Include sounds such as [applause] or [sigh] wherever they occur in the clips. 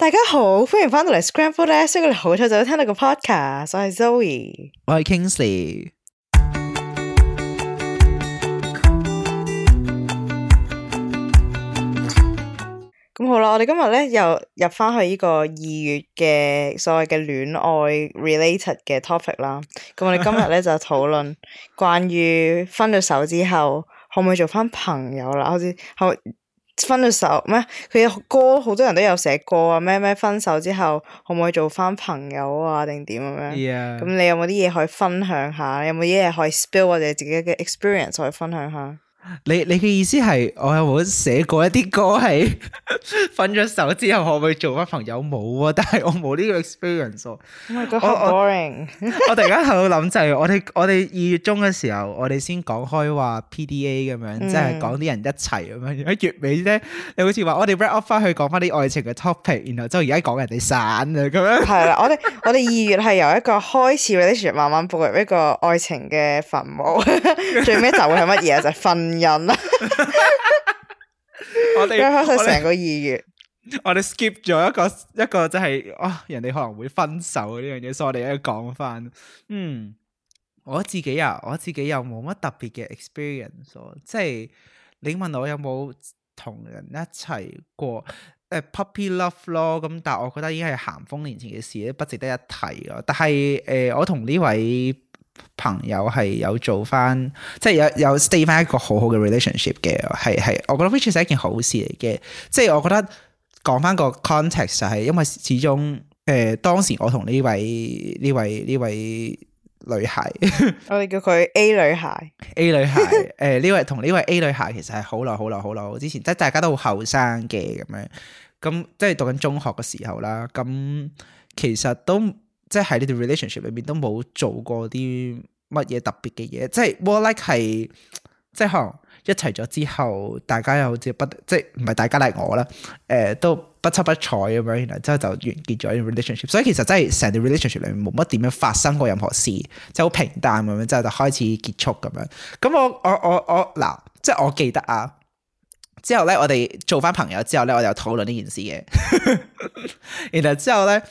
大家好，歡迎翻到嚟 Scrambled 咧，所以你好彩就聽到個 podcast。 [music] 我係 Zoe，我係 Kingsley。咁好啦，我哋今日咧又入翻去呢個二月嘅所謂嘅戀愛 related 嘅 topic 啦。咁我哋今日咧 [laughs] 就討論關於分咗手之後可唔可以做翻朋友啦，好似可。好分咗手咩？佢有歌好多人都有寫歌啊，咩咩分手之後可唔可以做翻朋友啊？定點咁樣，啊？咁 Yeah. 你有冇啲嘢可以分享下？有冇啲嘢可以 spill 或者自己嘅 experience 可以分享下？你你嘅意思係我有冇寫過一啲歌係分咗手之後可唔可以做翻朋友冇啊？但係我冇呢個 experience，我突然間喺度諗就係、是、我哋我哋二月中嘅時候我哋先講開話 PDA 咁樣，即係講啲人一齊咁樣，喺、嗯、月尾啫，你好似話我哋 break off 翻去講翻啲愛情嘅 topic，然後就而家講人哋散啊咁樣。係啦，我哋我哋二月係由一個開始，然後慢慢步入一個愛情嘅墳墓， [laughs] 最尾就會係乜嘢就係、分。人啦，我哋休息成個二月，我哋 skip 咗一個一個即係啊，人哋可能會分手嘅呢樣嘢，所以我哋一度講翻。嗯，我自己啊，我自己又冇乜特別嘅 experience，即係，你問我有冇同人一齊過誒、uh, puppy love 咯？咁但係我覺得已經係咸豐年前嘅事咧，不值得一提咯。但係誒、呃，我同呢位朋友係有做翻，即係有有 stay 翻一個好好嘅 relationship 嘅，係係。我覺得 which is 係一件好事嚟嘅。即係我覺得講翻個 context 就係，因為始終誒、呃、當時我同呢位呢位呢位呢位女孩，我哋叫佢 A 女孩，A 女孩誒呢位同呢位 A 女孩其實係好耐好耐好耐之前，即係大家都好後生嘅咁樣，咁即係讀緊中學嘅時候啦，咁其實都。即係呢段 relationship 裏面都冇做過啲乜嘢特別嘅嘢，即係 more like 係即係可能一齊咗之後，大家又好似不即係唔係大家嚟，我啦，誒、呃、都不瞅不睬咁樣，然後之後就完結咗呢段 relationship。所以其實真係成段 relationship 裏面冇乜點樣發生過任何事，即係好平淡咁樣，之後就開始結束咁樣。咁我我我我嗱，即係我記得啊，之後咧我哋做返朋友之後咧，我哋又討論呢件事嘅。 [laughs] 然後之後咧。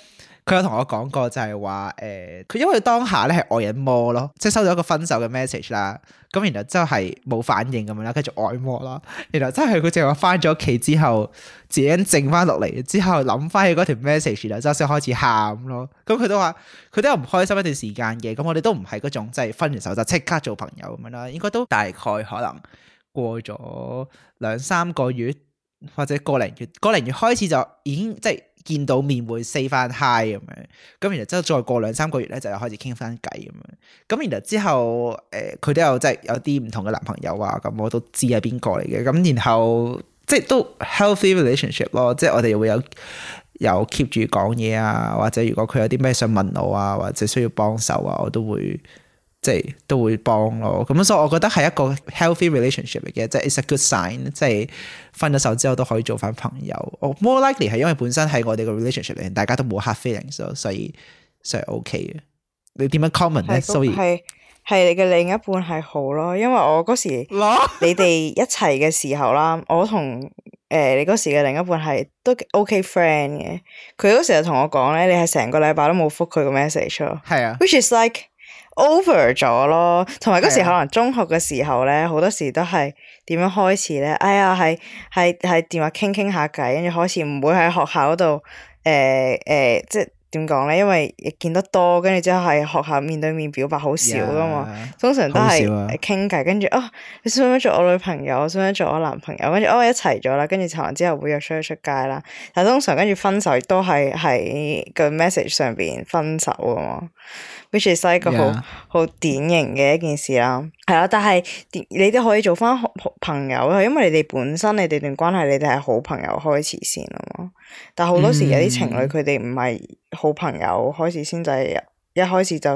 佢有同我講過就，就係話誒，佢因為當下咧係外人摸咯，即係收到一個分手嘅 message 啦，咁然後之後係冇反應咁樣啦，繼續外摸啦，然後真係佢淨係翻咗屋企之後，自己靜翻落嚟，之後諗翻起嗰條 message 啦，之後先開始喊咯。咁佢都話佢都有唔開心一段時間嘅，咁我哋都唔係嗰種即係分完手就即刻做朋友咁樣啦，應該都大概可能過咗兩三個月或者過零月過零月開始就已經即係。見到面會 say 翻 hi 咁樣，咁然後之後再過兩三個月咧，就又開始傾翻偈咁樣。咁然後之後，誒、呃、佢都有即係、就是、有啲唔同嘅男朋友啊，咁我都知係邊個嚟嘅。咁然後即係都 healthy relationship 咯，即係我哋會有有 keep 住講嘢啊，或者如果佢有啲咩想問我啊，或者需要幫手啊，我都會。即係都會幫咯，咁所以我覺得係一個 healthy relationship 嚟嘅，即係 it's a good sign。即係分咗手之後都可以做翻朋友。我 more likely 係因為本身係我哋嘅 relationship 嚟，大家都冇 hard feelings 咯，所以所以 OK 嘅。你點樣 comment 咧？sorry，係係你嘅另一半係好咯，因為我嗰時你哋一齊嘅時候啦，我同誒你嗰時嘅另一半係都 OK friend 嘅。佢嗰時就同我講咧，你係成個禮拜都冇復佢個 message 咯。係啊，which is like。over 咗咯，同埋嗰時可能中學嘅時候咧，好是的 多時都係點樣開始咧？哎呀，係係係電話傾傾下偈，跟住開始唔會喺學校嗰度誒誒，即係。點講咧？因為亦見得多，跟住之後係學校面對面表白好少噶嘛，yeah, 通常都係傾偈，跟住啊，你想唔想做我女朋友？我想唔想做我男朋友？跟住哦一齊咗啦，跟住齊完之後會約出去出街啦。但通常跟住分手都係喺個 message 上邊分手㗎嘛，which Yeah . is 一個好好典型嘅一件事啦。係啊 Yeah.，但係你哋可以做返好朋友，係因為你哋本身你哋段關係你哋係好朋友開始先啊嘛。但好多時有啲情侶佢哋唔係。Mm. 好朋友開始先就係一開始就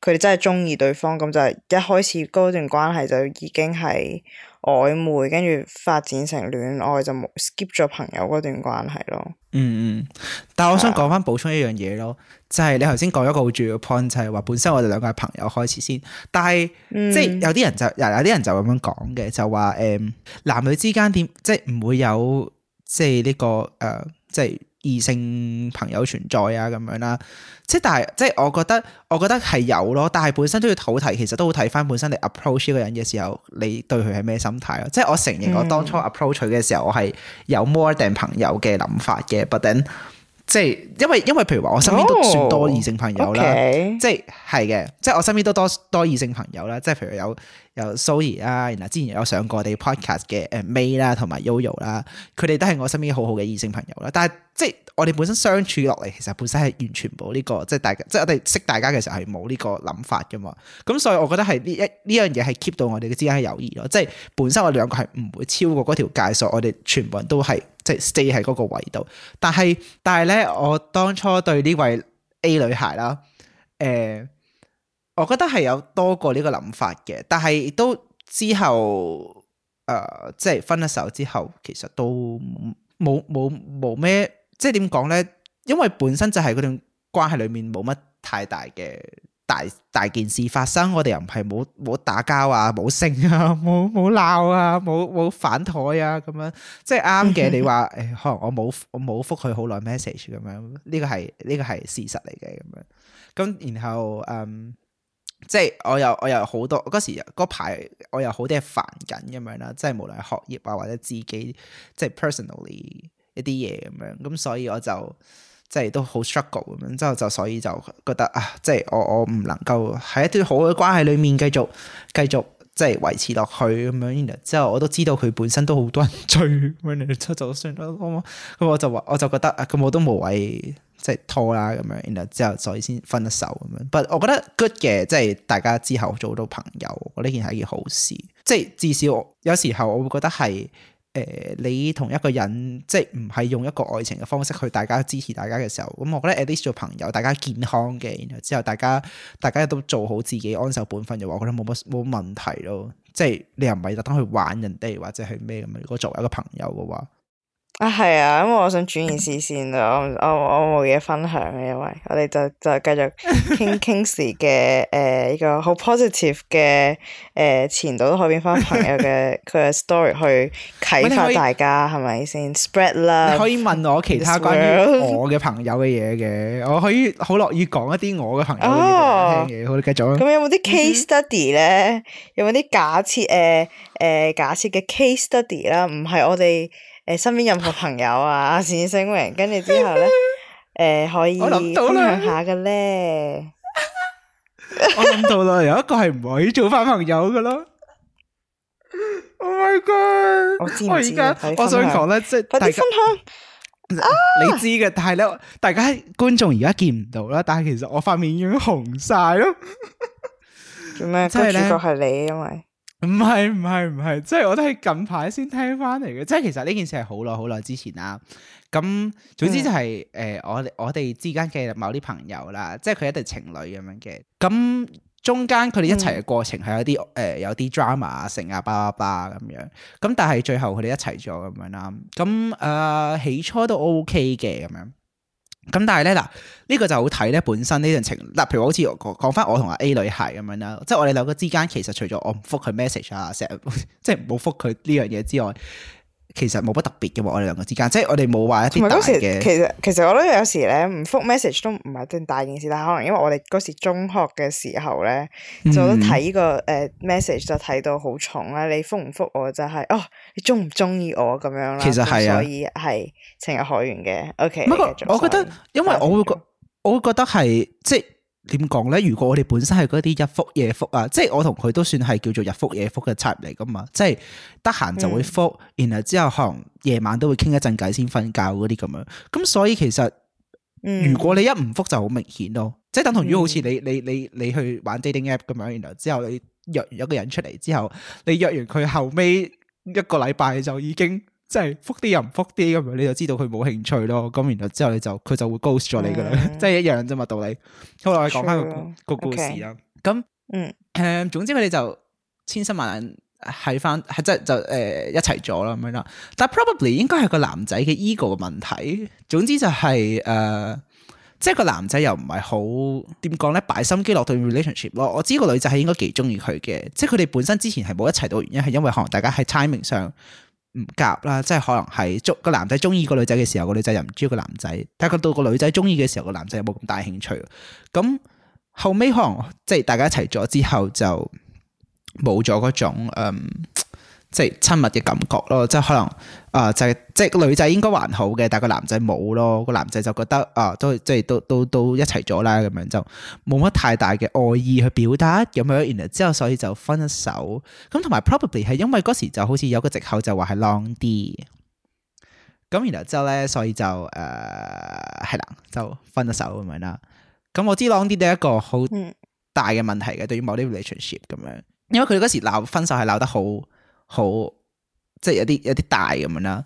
佢哋真係中意對方，咁就係一開始嗰段關係就已經係曖昧，跟住發展成戀愛，就冇 skip 咗朋友嗰段關係咯。嗯嗯，但係我想講返補充一樣嘢咯，是就係你頭先講一個好重要嘅 point，就係、是、話本身我哋兩個係朋友開始先，但係、嗯、即係有啲人就有有啲人就咁樣講嘅，就話誒、um, 男女之間點即係唔會有即係、這、呢個誒、uh, 即係。異性朋友存在啊，咁樣啦，即係但係，即係我覺得，我覺得係有咯。但係本身都要討提，其實都好睇翻本身你 approach 呢個人嘅時候，你對佢係咩心態咯、啊。即係我承認，我當初 approach 佢嘅時候，嗯、我係有 more than 朋友嘅諗法嘅，but then, 即係因為因為譬如話我身邊都算多異性朋友啦、oh, okay，即係係嘅，即係我身邊都多多異性朋友啦，即係譬如有有 Soy 啊，然後之前有上過我哋 podcast 嘅誒 May 啦，同埋 Yoyo 啦，佢哋都係我身邊好好嘅異性朋友啦。但係即係我哋本身相處落嚟，其實本身係完全冇呢個，即係大家，即係我哋識大家嘅時候係冇呢個諗法㗎嘛。咁所以我覺得係呢一呢樣嘢係 keep 到我哋嘅之間嘅友誼咯。即係本身我哋兩個係唔會超過嗰條界線，我哋全部人都係。即係 stay 喺嗰個位度，但係但係咧，我當初對呢位 A 女孩啦，誒、呃，我覺得係有多過呢個諗法嘅，但係都之後誒、呃，即係分咗手之後，其實都冇冇冇咩，即係點講咧？因為本身就係嗰段關係裏面冇乜太大嘅大大件事發生，我哋又唔係冇冇打交啊，冇性啊，冇冇鬧啊，冇冇反台啊，咁樣即係啱嘅。 [laughs] 你話誒、哎，可能我冇我冇覆佢好耐 message 咁樣，呢個係呢個係事實嚟嘅咁樣。咁然後誒、嗯，即係我又我又好多嗰時嗰排我又好多係煩緊咁樣啦，即係無論係學業啊或者自己即係 personally 一啲嘢咁樣，咁所以我就。即係都好 struggle 咁樣，之後就所以就覺得啊，即係我我唔能夠喺一段好嘅關係裏面繼續繼續即係維持落去咁樣。然後之後我都知道佢本身都好多人追，然之後就算啦，好唔好？咁我就話我就覺得啊，咁我都無謂即係拖啦咁樣。然後之後所以先分咗手咁樣。但係我覺得 good 嘅，即係大家之後做到朋友，我覺得呢件係一件好事。即係至少我有時候我會覺得係。誒、呃，你同一個人即係唔係用一個愛情嘅方式去大家支持大家嘅時候，咁、嗯、我覺得 at least 做朋友大家健康嘅，然後之後大家大家都做好自己安守本分嘅話，我覺得冇乜冇乜問題咯。即係你又唔係特登去玩人哋或者係咩咁，如果作為一個朋友嘅話。啊，係啊，因為我想轉移視線啦。我我冇嘢分享嘅，因為我哋就就繼續傾傾 Kingsley 嘅誒，呢、 [laughs] 呃、個好 positive 嘅誒、呃，前度都可以變翻朋友嘅佢嘅 story 去啟發大家，係咪先？Spread 啦，你可以問我其他關於我嘅朋友嘅嘢嘅， [laughs] 我可以好樂意講一啲我嘅朋友嘅嘢，哦，我繼續。咁、嗯、有冇啲 case study 咧？有冇啲假設誒誒假設嘅 case study 啦？唔係我哋。誒，身邊任何朋友啊，閃星明，跟住之後咧，誒，可以分享下嘅咧。我諗到啦，有一個係唔可以做翻朋友嘅咯。Oh my god！我而家我想講咧，即係大家你知嘅，但係咧，大家觀眾而家見唔到啦。但係其實我塊面已經紅晒咯。做咩個主角係你？因為？唔係唔係唔係，即係我都係近排先聽翻嚟嘅，即係其實呢件事係好耐好耐之前啦。咁總之就係、是、誒、嗯呃，我我哋之間嘅某啲朋友啦，即係佢一對情侶咁樣嘅。咁中間佢哋一齊嘅過程係有啲誒、嗯呃，有啲 drama 成啊，吧吧吧咁樣。咁但係最後佢哋一齊咗咁樣啦。咁誒、呃、起初都 OK 嘅咁樣。咁但係咧嗱，呢、這個就好睇咧本身呢段情，嗱，譬如好似我講返我同阿 A 女孩咁樣啦，即係我哋兩個之間其實除咗我唔覆佢 message 啊，成日即係冇覆佢呢樣嘢之外。其實冇乜特別嘅，我哋兩個之間，即係我哋冇話一啲大嘅。其實其實我都有時咧，唔覆 message 都唔係真大件事，但係可能因為我哋嗰時中學嘅時候咧，嗯、就都睇呢個誒 message 就睇到好重啦。你覆唔覆我就係、是、哦，你中唔中意我咁樣啦。其實係啊，所以係情有可原嘅、OK。O K。不過我覺得，以因為我會覺我會覺得係即係。點講咧？如果我哋本身係嗰啲日覆夜覆啊，即係我同佢都算係叫做日覆夜覆嘅插入嚟㗎嘛，即係得閒就會覆，嗯、然後之後可能夜晚都會傾一陣偈先瞓覺嗰啲咁樣。咁所以其實，如果你一唔覆就好明顯咯，嗯、即係等同於好似你、嗯、你你你，你去玩 dating app 咁樣，然後之後你約完一個人出嚟之後，你約完佢後尾一個禮拜就已經。即係複啲又唔複啲咁樣，你就知道佢冇興趣咯。咁然後之後你就佢就會 ghost 咗你噶啦，mm. 即係一樣啫嘛道理。好啦，我講翻個故事啊。咁 True. Okay. 嗯誒、嗯，總之佢哋就千辛萬難喺翻，即係就誒、呃、一齊咗啦咁樣啦。但係 probably 應該係個男仔嘅 ego 嘅問題。總之就係、是、誒、呃，即係個男仔又唔係好點講咧，擺心機落對 relationship 咯。我知個女仔係應該幾中意佢嘅，即係佢哋本身之前係冇一齊到，原因係因為可能大家喺 timing 上。唔夾啦，即係可能係中個男仔中意個女仔嘅時候，女個，個女仔又唔中意個男仔，但係佢到個女仔中意嘅時候，個男仔又冇咁大興趣。咁後尾，可能即係大家一齊咗之後就，就冇咗嗰種嗯。即係親密嘅感覺咯，即係可能啊、呃，就係、是、即係個女仔應該還好嘅，但個男仔冇咯，個男仔就覺得啊、呃，都即係都都都一齊咗啦，咁樣就冇乜太大嘅愛意去表達咁樣，然後之後所以就分咗手。咁同埋 probably 係因為嗰時就好似有個藉口就話係 long 啲。咁然後之後咧，所以就誒係、呃、啦，就分咗手咁樣啦。咁我知 long 啲都係一個好大嘅問題嘅，嗯、對於某啲 relationship 咁樣，因為佢哋嗰時鬧分手係鬧得好。好即係有啲有啲大咁樣啦，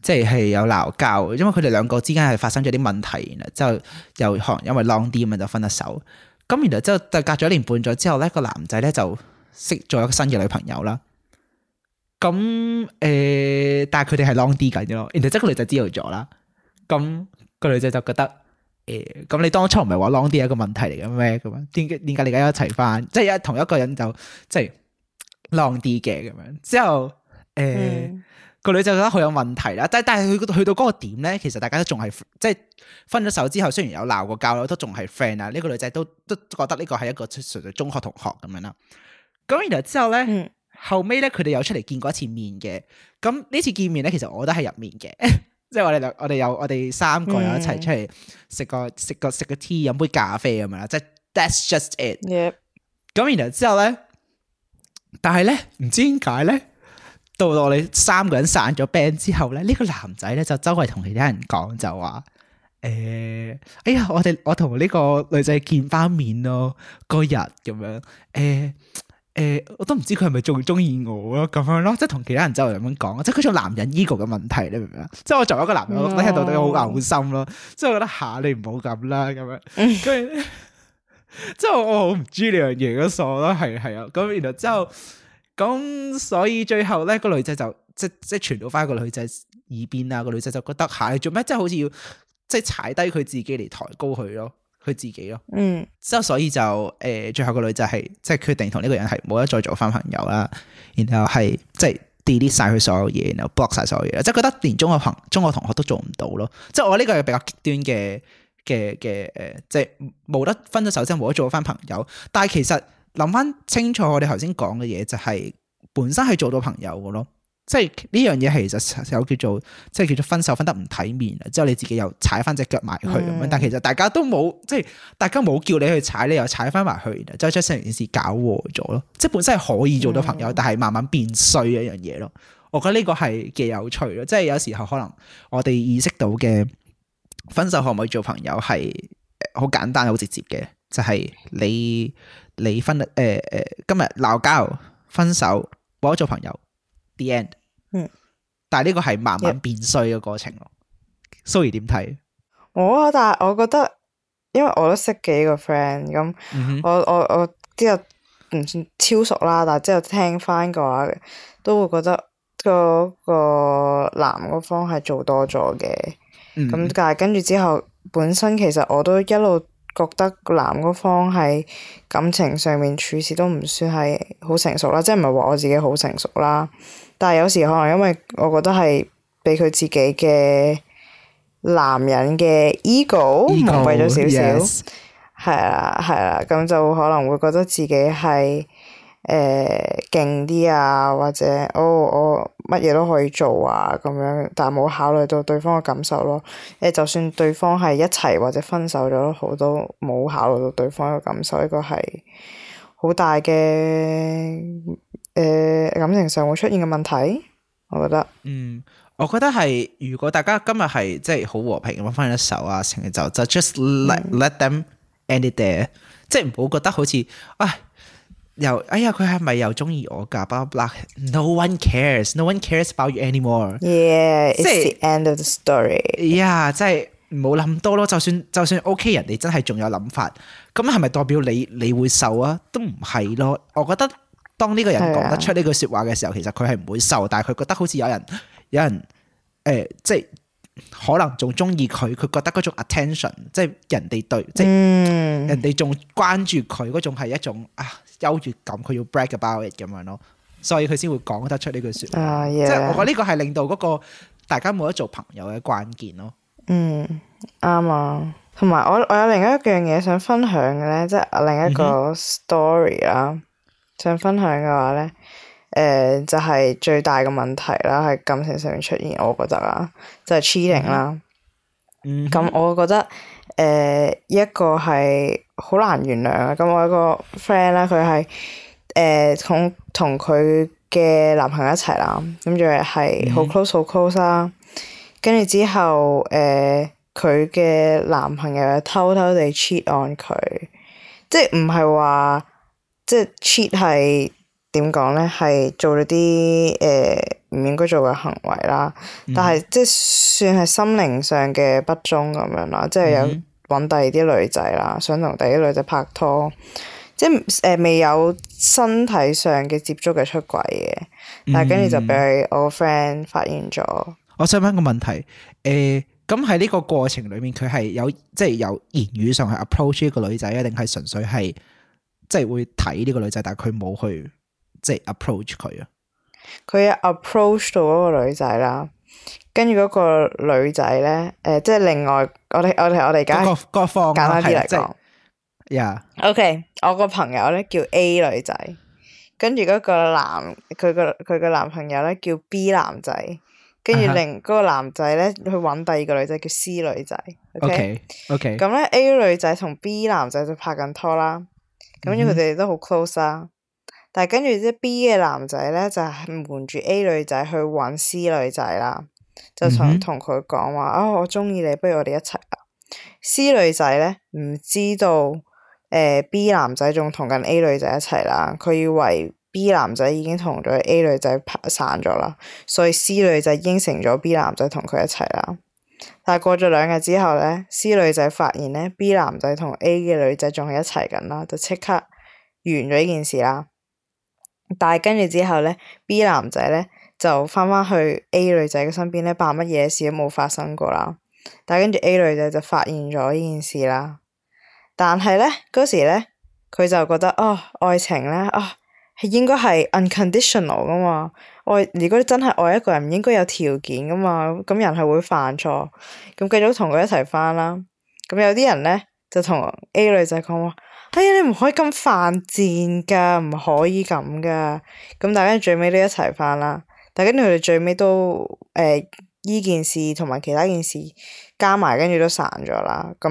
即係有鬧交，因為佢哋兩個之間係發生咗啲問題，然之後又可能因為 long 啲咁樣就分咗手。咁然後之後就隔咗一年半載之後咧，個男仔咧就識咗一個新嘅女朋友啦。咁誒、欸，但係佢哋係 long 啲緊啲咯。然後即係個女仔知道咗啦。咁個女仔就覺得誒，咁、欸、你當初唔係話 long 啲係一個問題嚟嘅咩？咁點解點解你而家一齊翻？即係同一一個人就即係。浪啲嘅咁樣，之後誒個女仔覺得好有問題啦，但但係佢去到嗰個點咧，其實大家都仲係即係分咗手之後，雖然有鬧過交啦，都仲係 friend 啊。呢個女仔都都覺得呢個係一個純粹中學同學咁樣啦。咁然後之後咧，後尾咧佢哋有出嚟見過一次面嘅。咁呢次見面咧，其實我都喺入面嘅，即係我哋我哋有我哋三個有一齊出嚟食個食個食個 tea，飲杯咖啡咁樣啦。即係 That's just it。咁然後之後咧。但係咧，唔知點解咧，到到我哋三個人散咗 band 之後咧，呢、這個男仔咧就周圍同其他人講就話，誒、欸，哎呀，我哋我同呢個女仔見翻面咯，嗰日咁樣，誒、欸，誒、欸，我都唔知佢係咪仲中意我咯，咁樣咯，即係同其他人周圍咁樣講，即係佢做男人 ego 嘅問題，你明唔明啊？即係我作為一個男人，我 No. 聽到我都好嘔心咯，即係我覺得吓你唔好咁啦咁樣，咁。 [laughs] 即係我好唔知呢樣嘢咯，傻咯，係係啊，咁然後之後咁所以最後咧個女仔就即即傳到翻個女仔耳邊啦，個女仔就覺得吓，做咩即係好似要即係踩低佢自己嚟抬高佢咯，佢自己咯，嗯，之後所以就誒、呃、最後個女仔係即係決定同呢個人係冇得再做翻朋友啦，然後係即係 delete 晒佢所有嘢，然後 block 晒所有嘢，即係覺得連中學朋中學同學都做唔到咯，即係我呢個係比較極端嘅。嘅嘅誒，即係冇得分咗手先，冇得做翻朋友，但係其實諗翻清楚我哋頭先講嘅嘢，就係本身係做到朋友嘅咯，即係呢樣嘢其實有叫做即係叫做分手分得唔體面啊，之後你自己又踩翻隻腳埋去咁樣，但其實大家都冇即係大家冇叫你去踩，你又踩翻埋去，就將成件事搞和咗咯。即係本身係可以做到朋友，但係慢慢變衰一樣嘢咯。我覺得呢個係幾有趣咯，即係有時候可能我哋意識到嘅。分手可唔、就是呃、可以做朋友係好簡單好直接嘅，就係你你分，誒誒今日鬧交分手冇得做朋友，The end。嗯，但係呢個係慢慢變衰嘅過程咯。Zoe 點睇？我啊，但係我覺得，因為我都識幾個 friend，咁我、嗯、哼我我之後唔算超熟啦，但係之後聽翻嘅話，都會覺得嗰個男嗰方係做多咗嘅。咁、嗯、但係跟住之後，本身其實我都一路覺得男嗰方喺感情上面處事都唔算係好成熟啦，即係唔係話我自己好成熟啦。但係有時可能因為我覺得係俾佢自己嘅男人嘅 ego 貴咗少少，係啊係啊，咁就可能會覺得自己係。誒、呃，勁啲啊，或者哦，我乜嘢都可以做啊，咁樣，但係冇考慮到對方嘅感受咯。誒、呃，就算對方係一齊或者分手咗好，都冇考慮到對方嘅感受，呢個係好大嘅誒、呃、感情上會出現嘅問題。我覺得，嗯，我覺得係如果大家今日係即係好和平，分咗手啊，成日就就 just let、嗯、let them end it there，即係唔好覺得好似，唉。又哎呀，佢係咪又中意我噶？blah blah，no one cares，no one cares about you anymore yeah, it's 即係。Yeah，it's the end of the story。Yeah，即係冇諗多咯。就算就算 OK，人哋真係仲有諗法，咁係咪代表你你會受啊？都唔係咯。我覺得當呢個人講得出呢句說話嘅時候，Yeah。其實佢係唔會受，但係佢覺得好似有人有人誒、欸，即係。可能仲中意佢，佢覺得嗰種 attention，即係人哋對，嗯、即係人哋仲關注佢嗰種係一種啊優越感，佢要 brag about it 咁樣咯，所以佢先會講得出呢句説話。Uh, yeah. 即係我覺得呢個係令到嗰個大家冇得做朋友嘅關鍵咯。嗯，啱啊。同埋我我有另一樣嘢想分享嘅咧，即係另一個 story 啦，嗯哼，想分享嘅話咧。誒、uh, 就係最大嘅問題啦，喺感情上面出現，我覺得啦，就係 cheating 啦。嗯。咁我覺得誒一個係好難原諒啊。咁、嗯、我有個 friend 啦，佢係誒同同佢嘅男朋友一齊啦，咁仲係好 close 好 close 啦。跟住之後，誒佢嘅男朋友偷偷地 cheat on 佢，即係唔係話即係 cheat 係，點講咧？係做咗啲誒唔應該做嘅行為啦，但係即係算係心靈上嘅不忠咁樣啦，即係有搵第二啲女仔啦，想同第二啲女仔拍拖，即係誒未有身體上嘅接觸嘅出軌嘅，但係跟住就俾我 friend 發現咗。嗯。我想問一個問題，誒、呃，咁喺呢個過程裏面，佢係有即係、就是、有言語上係 approach 呢個女仔，定係純粹係即係會睇呢個女仔，但係佢冇去。即係 approach 佢啊！佢 approach appro 到嗰個女仔啦，跟住嗰個女仔咧，誒、呃，即、就、係、是、另外我哋我哋我哋、那個、簡單啲嚟講，yeah，ok，我個朋友咧叫 A 女仔，跟住嗰個男佢個佢個男朋友咧叫 B 男仔，跟住另嗰個男仔咧、uh huh. 去搵第二個女仔叫 C 女仔，ok，ok，咁咧 A 女仔同 B 男仔就拍緊拖啦，咁佢哋都好 close 啦。Uh huh. 但係跟住即 B 嘅男仔咧，就係瞞住 A 女仔去搵 C 女仔啦，就想同佢講話：，啊、mm hmm. 哦，我中意你，不如我哋一齊啦。C 女仔咧唔知道，誒、呃、，B 男仔仲同緊 A 女仔一齊啦，佢以為 B 男仔已經同咗 A 女仔拍散咗啦，所以 C 女仔應承咗 B 男仔同佢一齊啦。但係過咗兩日之後咧，C 女仔發現咧 B 男仔同 A 嘅女仔仲係一齊緊啦，就即刻完咗呢件事啦。但係跟住之後咧，B 男仔咧就翻返去 A 女仔嘅身邊咧，扮乜嘢事都冇發生過啦。但係跟住 A 女仔就發現咗呢件事啦。但係咧，嗰時咧，佢就覺得啊、哦，愛情咧啊、哦，應該係 unconditional 噶嘛。愛如果真係愛一個人，唔應該有條件噶嘛。咁人係會犯錯，咁繼續同佢一齊翻啦。咁有啲人咧就同 A 女仔講話。哎呀，你唔可以咁犯賤㗎，唔可以咁㗎。咁大家最尾都一齊返啦，但跟住佢哋最尾都誒呢、呃、件事同埋其他件事加埋，跟住都散咗啦。咁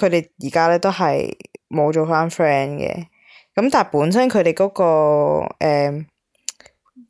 佢哋而家咧都係冇做返 friend 嘅。咁但係本身佢哋嗰個誒、呃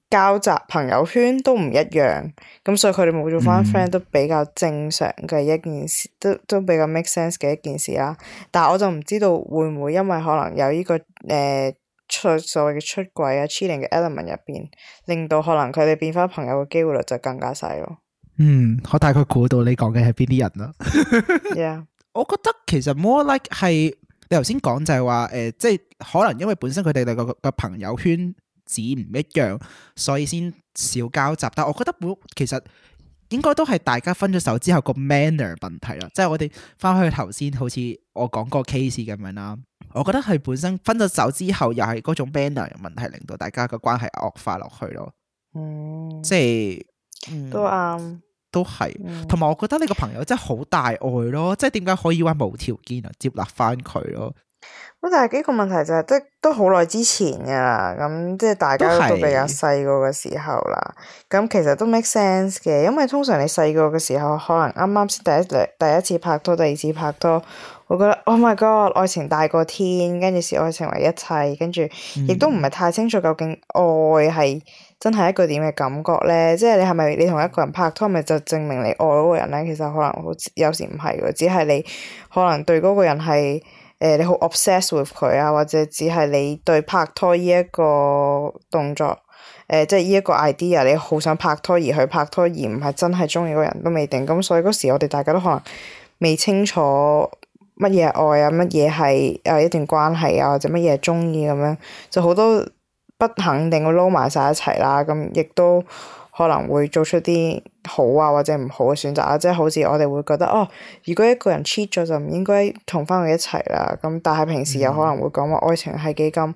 交集朋友圈都唔一樣，咁所以佢哋冇做翻 friend 都比較正常嘅一件事，嗯、都都比較 make sense 嘅一件事啦。但係我就唔知道會唔會因為可能有呢個誒、呃、出所謂嘅出軌啊 cheating 嘅 element 入邊，令到可能佢哋變翻朋友嘅機會率就更加細咯。嗯，我大概估到你講嘅係邊啲人啦。 [laughs] yeah，我覺得其實 more like 係你頭先講就係話誒，即係可能因為本身佢哋兩個嘅朋友圈。指唔一樣，所以先少交集。但我覺得本，其實應該都係大家分咗手之後個 manner 問題啦。即係我哋翻返去頭先，好似我講個 case 咁樣啦。我覺得係本身分咗手之後，又係嗰種 manner 問題令到大家嘅關係惡化落去咯。哦，即係都啱，都係。同埋我覺得呢個朋友真係好大愛咯。即係點解可以話無條件啊接納翻佢咯。咁但係幾個問題就係、是，即都好耐之前噶啦，咁即係大家都比較細個嘅時候啦。咁是其實都 make sense 嘅，因為通常你細個嘅時候，可能啱啱，第一第一次拍拖，第二次拍拖，我覺得 Oh my God，愛情大過天，跟住是愛情為一切，跟住亦都唔係太清楚究竟愛係真係一個點嘅感覺咧。嗯、即係你係咪你同一個人拍拖，咪就證明你愛嗰個人咧？其實可能好似有時唔係嘅，只係你可能對嗰個人係。誒、呃，你好 obsess with 佢啊，或者只係你對拍拖呢一個動作，誒、呃，即係呢一個 idea，你好想拍拖而去拍拖，而唔係真係中意個人都未定，咁所以嗰時我哋大家都可能未清楚乜嘢愛啊，乜嘢係誒一段關係啊，或者乜嘢係中意咁樣，就好多不肯定撈埋晒一齊啦，咁亦都。可能會做出啲好啊或者唔好嘅選擇啊，即係好似我哋會覺得哦，如果一個人 cheat 咗就唔應該同翻佢一齊啦。咁但係平時又可能會講話愛情係幾咁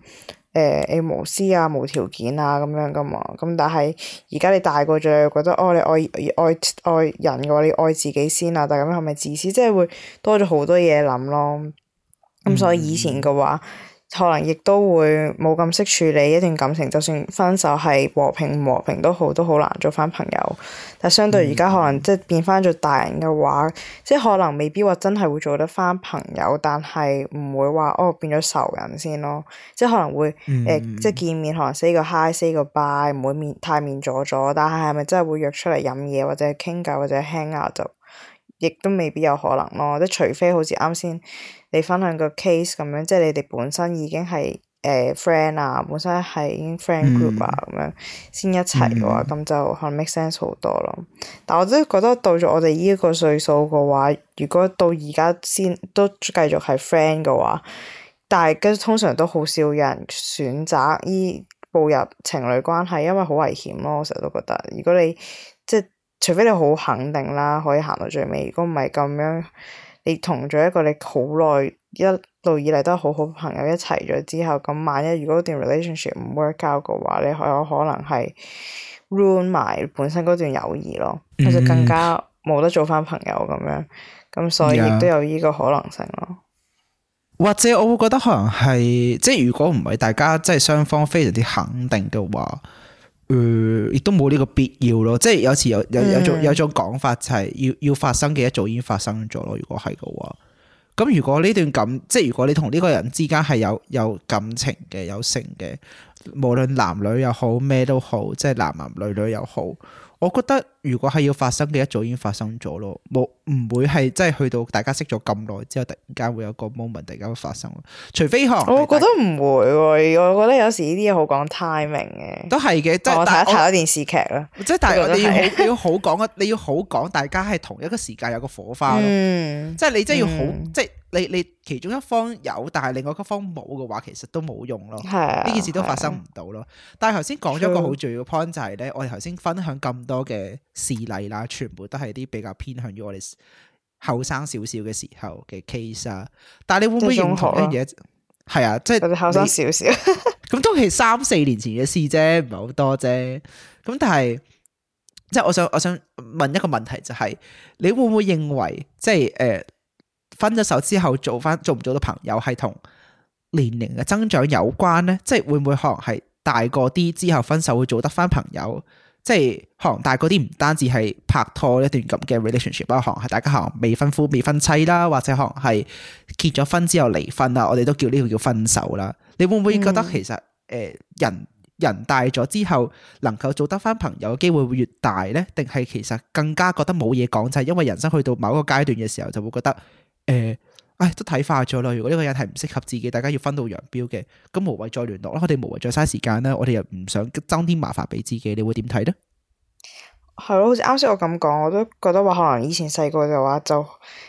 誒無私啊、無條件啊咁樣噶嘛。咁但係而家你大個咗，又覺得哦，你愛愛愛人嘅話，你愛自己先啊。但係咁係咪自私？即係會多咗好多嘢諗咯。咁、嗯、所以以前嘅話。可能亦都會冇咁識處理一段感情，就算分手係和平唔和平都好，都好難做翻朋友。但相對而家、嗯、可能即係變翻咗大人嘅話，即係可能未必話真係會做得翻朋友，但係唔會話哦變咗仇人先咯。即係可能會誒、嗯呃，即係見面可能 say 個 hi say 個 bye，唔會面太面阻阻。但係係咪真係會約出嚟飲嘢或者係傾偈或者係 hang out？就亦都未必有可能咯，即係除非好似啱先。你分享個 case 咁樣，即係你哋本身已經係誒 friend 啊，本身係已經 friend group 啊咁樣先一齊嘅話，咁、mm hmm. 就可能 make sense 好多咯。但我都係覺得到咗我哋依一個歲數嘅話，如果到而家先都繼續係 friend 嘅話，但係跟通常都好少有人選擇依步入情侶關係，因為好危險咯。我成日都覺得，如果你即係除非你好肯定啦，可以行到最尾，如果唔係咁樣。你同咗一個你一好耐一路以嚟都好好朋友一齊咗之後，咁萬一如果段 relationship 唔 work 交嘅話，你係有可能係 ruin 埋本身嗰段友誼咯，就更加冇得做翻朋友咁樣，咁、嗯、所以亦都有呢個可能性咯。Yeah. 或者我會覺得可能係，即係如果唔係大家即係雙方非常之肯定嘅話。誒，亦都冇呢個必要咯，即係有時有有有，有種有種講法就，就係要要發生嘅一早已經發生咗咯。如果係嘅話，咁如果呢段感，即係如果你同呢個人之間係有有感情嘅、有性嘅，無論男女又好咩都好，即係男男女女又好，我覺得。如果係要發生嘅，一早已經發生咗咯，冇唔會係即係去到大家識咗咁耐之後，突然間會有個 moment，大家會發生咯。除非可能，我覺得唔會、啊，我覺得有時呢啲嘢好講 timing 嘅。都係嘅，即係大家睇咗電視劇咯。即係但係我、就是、你要好講，你要好講，好大家係同一個時間有個火花咯。即係、嗯、你真係要好，即係、嗯、你你其中一方有，但係另外一方冇嘅話，其實都冇用咯。係呢的件事都發生唔到咯。的但係頭先講咗個好重要嘅 point 就係咧，我哋頭先分享咁多嘅。嗯嗯嗯事例啦，全部都係啲比較偏向於我哋後生少少嘅時候嘅 case 啊。但係你會唔會認同啲嘢？係啊，即係後生少少，咁都係三四年前嘅事啫，唔係好多啫。咁但係，即係我想，我想問一個問題，就係你會唔會認為，即係誒，分咗手之後做翻做唔做到朋友，係同年齡嘅增長有關呢？即係會唔會可能係大個啲之後分手會做得翻朋友？即係可能大嗰啲唔單止係拍拖一段咁嘅 relationship，可能係大家可能未婚夫未婚妻啦，或者可能係結咗婚之後離婚啦，我哋都叫呢個叫分手啦。你會唔會覺得其實誒、呃、人人大咗之後，能夠做得翻朋友嘅機會會越大呢？定係其實更加覺得冇嘢講就係因為人生去到某一個階段嘅時候，就會覺得誒。呃唉、哎，都睇化咗啦。如果呢個人係唔適合自己，大家要分道揚鑣嘅，咁無謂再聯絡啦。我哋無謂再嘥時間啦。我哋又唔想爭啲麻煩俾自己，你會點睇呢？係咯，好似啱先我咁講，我都覺得話可能以前細個嘅話就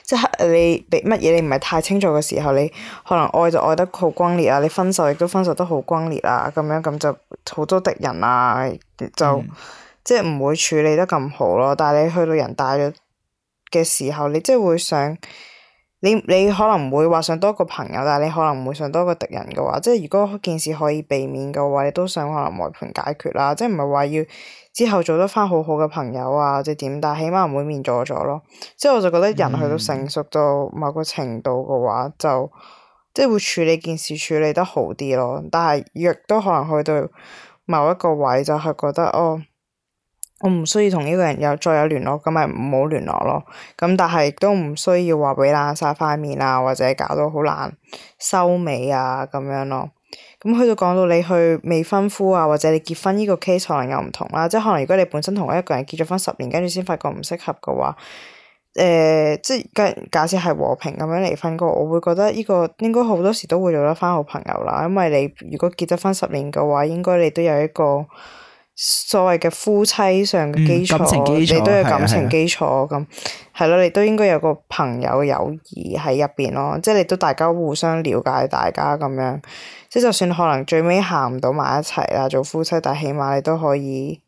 即係你俾乜嘢，你唔係太清楚嘅時候，你可能愛就愛得好轟烈啊，你分手亦都分手得好轟烈啊，咁樣咁就好多敵人啊，就、嗯、即係唔會處理得咁好咯。但係你去到人大咗嘅時候，你即係會想。你你可能唔會話想多個朋友，但係你可能唔會想多個敵人嘅話，即係如果件事可以避免嘅話，你都想可能和平解決啦，即係唔係話要之後做得返好好嘅朋友啊，或者點，但係起碼唔會面左左咯。即係我就覺得人去到成熟到某個程度嘅話，mm hmm. 就即係會處理件事處理得好啲咯。但係亦都可能去到某一個位，就係覺得哦。我唔需要同呢個人有再有聯絡，咁咪唔好聯絡咯。咁但係都唔需要話俾爛晒塊面啊，或者搞到好難收尾啊咁樣咯。咁佢就講到你去未婚夫啊，或者你結婚呢個 case 可能又唔同啦。即係可能如果你本身同我一個人結咗婚十年，跟住先發覺唔適合嘅話，誒、呃，即係假設係和平咁樣離婚嘅，我會覺得呢個應該好多時都會有得翻好朋友啦。因為你如果結咗婚十年嘅話，應該你都有一個。所謂嘅夫妻上嘅基礎，嗯、基礎你都有感情基礎咁，係咯、啊啊啊。你都應該有個朋友友誼喺入邊咯，即係你都大家互相了解大家咁樣，即就算可能最尾行唔到埋一齊啦，做夫妻，但起碼你都可以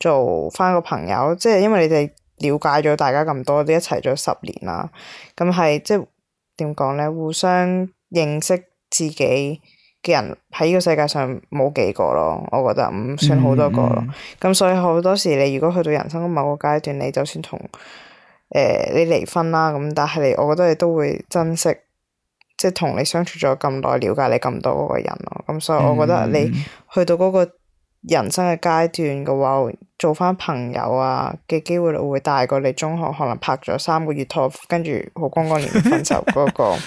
做返個朋友，即係因為你哋了解咗大家咁多，都一齊咗十年啦，咁係即係點講呢？互相認識自己。嘅人喺呢個世界上冇幾個咯，我覺得唔算好多個咯。咁、嗯嗯、所以好多時你如果去到人生嘅某個階段，你就算同誒、呃、你離婚啦，咁但係你我覺得你都會珍惜，即係同你相處咗咁耐、了解你咁多嗰個人咯。咁所以我覺得你去到嗰個人生嘅階段嘅話，嗯嗯、做返朋友啊嘅機會率會大過你中學可能拍咗三個月拖，跟住好光光連分手嗰、那個。 [laughs]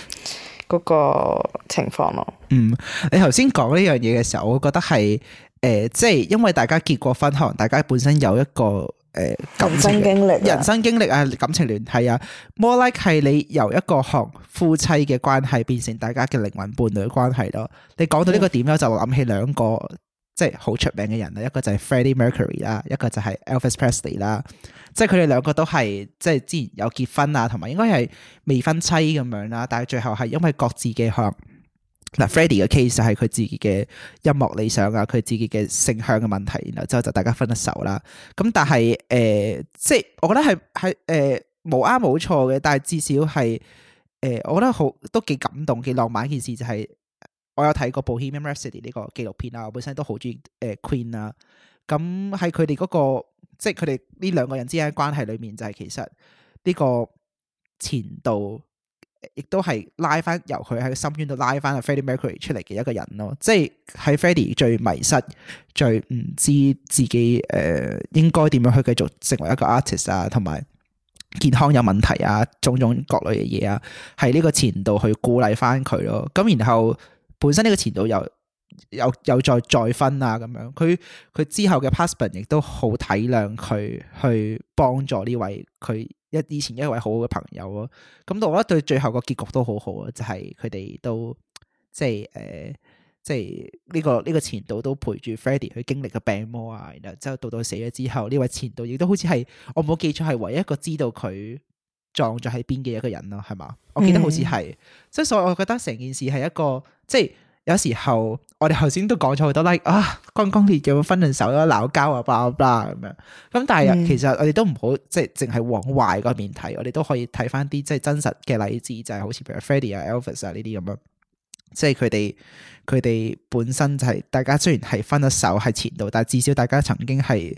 嗰個情況咯。嗯，你頭先講呢樣嘢嘅時候，我覺得係誒、呃，即係因為大家結過婚，可能大家本身有一個誒、呃、感情經歷、啊、人生經歷啊，感情聯繫啊。More like 係你由一個像夫妻嘅關係變成大家嘅靈魂伴侶嘅關係咯。你講到呢、這個點咧、嗯，就諗起兩個。即係好出名嘅人啦，一個就係 Freddie Mercury 啦，一個就係 Elvis Presley 啦。即係佢哋兩個都係即係之前有結婚啊，同埋應該係未婚妻咁樣啦。但係最後係因為各自嘅，可能嗱，Freddie 嘅 case 就係佢自己嘅音樂理想啊，佢自己嘅性向嘅問題，然後之後就大家分咗手啦。咁但係誒、呃，即係我覺得係係誒冇啱冇錯嘅，但係至少係誒、呃，我覺得好都幾感動、幾浪漫一件事就係、是。我有睇過《Bohemian Rhapsody》呢個紀錄片啊，我本身都好中意誒 Queen 啊。咁喺佢哋嗰個，即係佢哋呢兩個人之間關係裏面，就係、是、其實呢個前度，亦都係拉翻由佢喺個深淵度拉翻阿 Freddie Mercury 出嚟嘅一個人咯。即係喺 Freddie 最迷失、最唔知自己誒、呃、應該點樣去繼續成為一個 artist 啊，同埋健康有問題啊，種種各類嘅嘢啊，係呢個前度去鼓勵翻佢咯。咁然後。本身呢個前度又又又再再婚啊咁樣，佢佢之後嘅 passport 亦都好體諒佢去幫助呢位佢一以前一位好好嘅朋友咯。咁、嗯、到我覺得對最後個結局都好好啊，就係佢哋都即係誒，即係呢、呃呢個呢、呢個前度都陪住 Freddy 去經歷個病魔啊，然後之後到到死咗之後，呢位前度亦都好似係我冇記錯係唯一一個知道佢。撞咗喺邊嘅一個人咯，係嘛？我記得好似係，即係、mm. 所以我覺得成件事係一個，即係有時候我哋頭先都講咗好多，like 啊，剛剛烈嘅分咗手啦，鬧交啊，blah blah 咁樣。咁但係其實我哋都唔好、mm. 即係淨係往壞嗰邊睇，我哋都可以睇翻啲即係真實嘅例子，就係好似譬如 Freddy 啊、Elvis 啊呢啲咁樣，即係佢哋佢哋本身就係、是、大家雖然係分咗手喺前度，但係至少大家曾經係。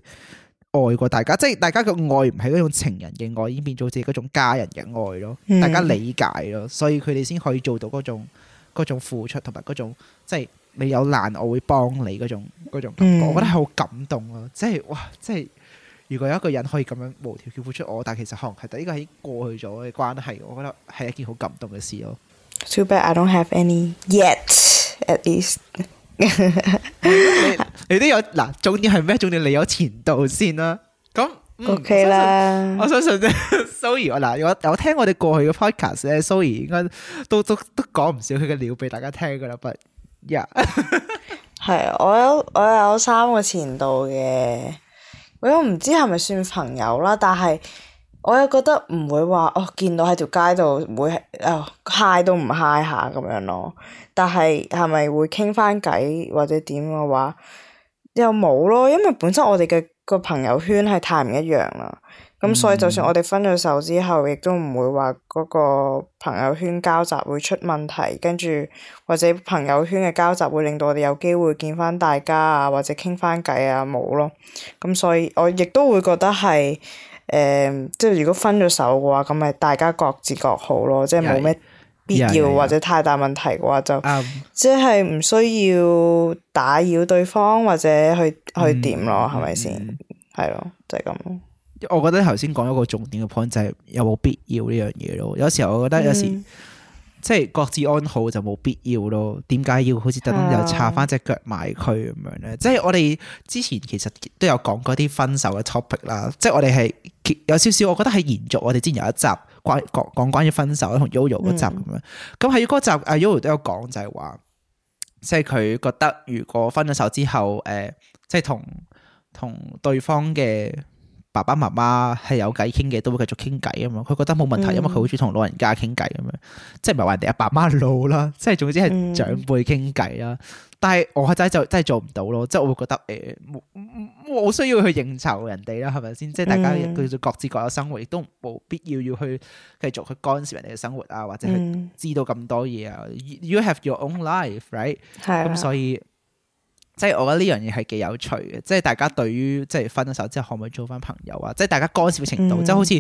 愛過大家，即係大家嘅愛唔係嗰種情人嘅愛，已經變做自己嗰種家人嘅愛咯。大家理解咯，所以佢哋先可以做到嗰種嗰種付出，同埋嗰種即係你有難我會幫你嗰種嗰種感覺。嗯、我覺得係好感動咯，即係哇，即係如果有一個人可以咁樣無條件付出我，但係其實可能係呢個係過去咗嘅關係，我覺得係一件好感動嘅事咯。Too bad I don't have any yet at least. [laughs] [laughs] 你，你都有嗱，重點係咩？重點你有前度先啦、啊。咁、嗯、OK 啦了，我相信啫。 [laughs] Zoe, 我我 cast, yeah、 [laughs] Zoe 嗱，我有聽我哋過去嘅 podcast 咧 Zoe 應該都都都講唔少佢嘅料俾大家聽噶啦，but yeah。係我有我有三個前度嘅，我唔知係咪算朋友啦，但係。我又覺得唔會話哦，見到喺條街度會啊 hi 都唔 hi 下咁樣咯。但係係咪會傾翻偈或者點嘅話，又冇咯。因為本身我哋嘅個朋友圈係太唔一樣啦。咁、嗯、所以就算我哋分咗手之後，亦都唔會話嗰個朋友圈交集會出問題，跟住或者朋友圈嘅交集會令到我哋有機會見翻大家啊，或者傾翻偈啊，冇咯。咁所以我亦都會覺得係。誒、呃，即係如果分咗手嘅話，咁咪大家各自各好咯，即係冇咩必要或者太大問題嘅話，yeah, yeah, yeah. 就即係唔需要打擾對方或者去、um, 去點咯，係咪先？係、嗯、咯，就係、是、咁。我覺得頭先講一個重點嘅 point 就係有冇必要呢樣嘢咯，有時候我覺得有時、嗯。即係各自安好就冇必要咯。點解要好似特登又插翻隻腳埋佢咁樣咧？ [noise] 即係我哋之前其實都有講過啲分手嘅 topic 啦。即係我哋係有少少，我覺得係延續我哋之前有一集關講講關,關,關,關於分手同 Yoyo 嗰集咁樣。咁喺嗰集，阿 Yoyo 都有講就係、是、話，即係佢覺得如果分咗手之後，誒、呃，即係同同對方嘅。爸爸媽媽係有偈傾嘅，都會繼續傾偈啊嘛。佢覺得冇問題，因為佢好中意同老人家傾偈咁樣，即係唔係話人哋阿爸阿媽老啦，即係總之係長輩傾偈啦。但係我個仔就真係做唔到咯，即係我會覺得誒、欸，我需要去應酬人哋啦，係咪先？即係大家各自各有生活，亦都冇必要要去繼續去干涉人哋嘅生活啊，或者去知道咁多嘢啊。嗯、You have your own life，right？咁、啊嗯、所以。即係我覺得呢樣嘢係幾有趣嘅，即係大家對於即係分咗手之後可唔可以做翻朋友啊？即係大家干涉嘅程度，嗯、即係好似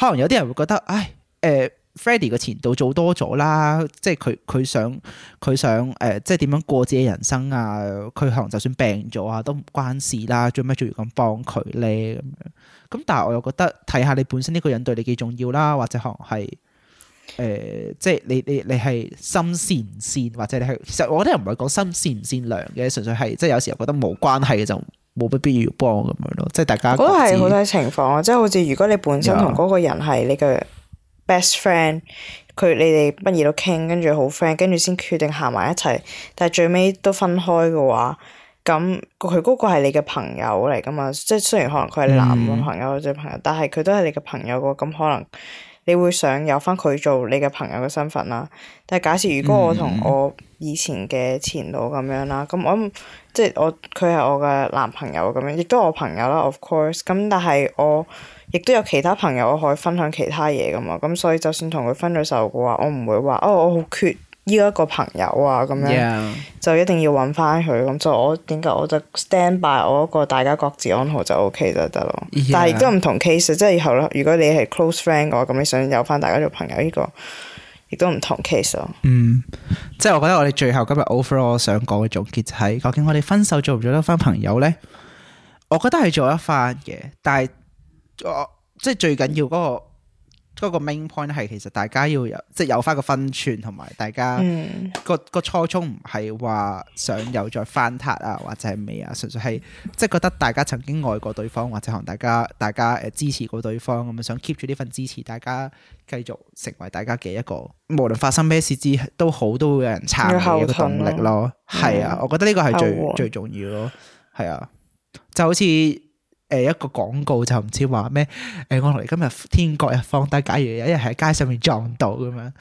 可能有啲人會覺得，唉，誒、呃、Freddy 嘅前度做多咗啦，即係佢佢想佢想誒、呃，即係點樣過自己人生啊？佢可能就算病咗啊，都唔關事啦，做咩仲要咁幫佢咧？咁樣咁，但係我又覺得睇下你本身呢個人對你幾重要啦，或者可能係。誒、呃，即係你你你係心善唔善，或者你係，其實我啲人唔係講心善唔善良嘅，純粹係即係有時候覺得冇關係嘅就冇不必，必要幫咁樣咯，即係大家，都個係好多情況，即係好似如果你本身同嗰個人係你嘅 best friend，佢 Yeah. 你哋乜嘢都傾，跟住好 friend，跟住先決定行埋一齊，但係最尾都分開嘅話，咁佢嗰個係你嘅朋友嚟㗎嘛？即係雖然可能佢係男嘅朋友或者朋友，mm hmm. 但係佢都係你嘅朋友喎，咁可能。你會想有返佢做你嘅朋友嘅身份啦，但係假設如果我同我以前嘅前度咁樣啦，咁、mm hmm. 我即係我佢係我嘅男朋友咁樣，亦都我朋友啦，of course，咁但係我亦都有其他朋友，我可以分享其他嘢㗎嘛，咁所以就算同佢分咗手嘅話，我唔會話哦，我好缺。.依一個朋友啊，咁樣 Yeah. 就一定要揾翻佢咁。就我點解我就 stand by 我一個大家各自安好就 O K 就得咯。Yeah. 但係亦都唔同 case，即係以後咯，如果你係 close friend 嘅話，咁你想有翻大家做朋友呢，這個，亦都唔同 case 咯。嗯，即係我覺得我哋最後今日 overall 我想講嘅總結就係、是、究竟我哋分手做唔做得翻朋友呢？我覺得係做得翻嘅，但係、哦、即係最緊要嗰、那個。嗰個 main point 係其實大家要有，即係有翻個分寸，同埋大家個個、嗯、初衷唔係話想有再翻塔啊，或者係咩啊，純粹係即係覺得大家曾經愛過對方，或者同大家大家誒支持過對方咁啊，想 keep 住呢份支持，大家繼續成為大家嘅一個無論發生咩事之都好，都會有人撐你嘅動力咯。係啊，啊，我覺得呢個係最、嗯、最重要咯。係啊，就好似。誒，一個廣告就唔知話咩？誒、欸，我同你今日天各一方，假如有一日喺街上面撞到咁樣，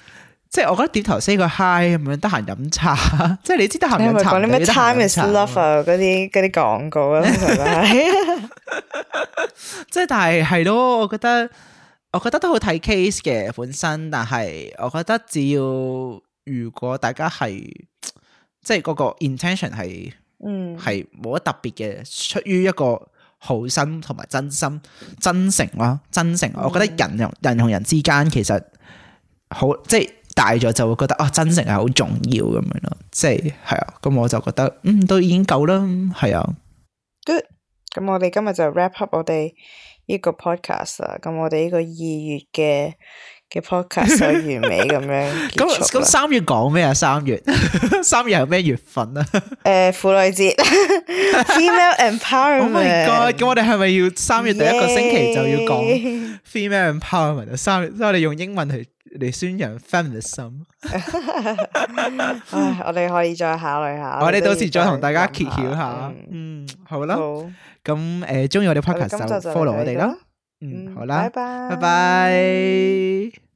即係我覺得點頭 say 個 hi 咁樣，得閒飲茶。 [laughs] 即係你知得閒飲茶。講啲咩？Time is lover 嗰啲嗰啲廣告咯，即係，但係係咯，我覺得，我覺得都好睇 case 嘅本身。但係，我覺得只要如果大家係，即係嗰個 intention 係，嗯，係冇乜特別嘅，出於一個。好心同埋真心、真誠啦、啊，真誠、啊啊，我覺得人同人同人之間其實好，即係大咗就會覺得、哦、誠啊，真誠係好重要咁樣咯，即係係啊，咁我就覺得嗯都已經夠啦，係啊，good，咁我哋今日就 wrap up 我哋呢個 podcast 啦，咁我哋呢個二月嘅。嘅 podcast 最完美咁樣。咁咁三月講咩啊？三月三月係咩月份啊？誒，婦女節，Female Empowerment。Oh my God！咁我哋係咪要三月第一個星期就要講 Female Empowerment？三月，即係我哋用英文嚟、嚟宣揚 Feminism。唉，我哋可以再考慮下。我哋到時再同大家揭曉下。嗯，好啦，咁誒，中意我哋 podcast 就 follow 我哋啦。嗯，好啦，拜拜。拜拜。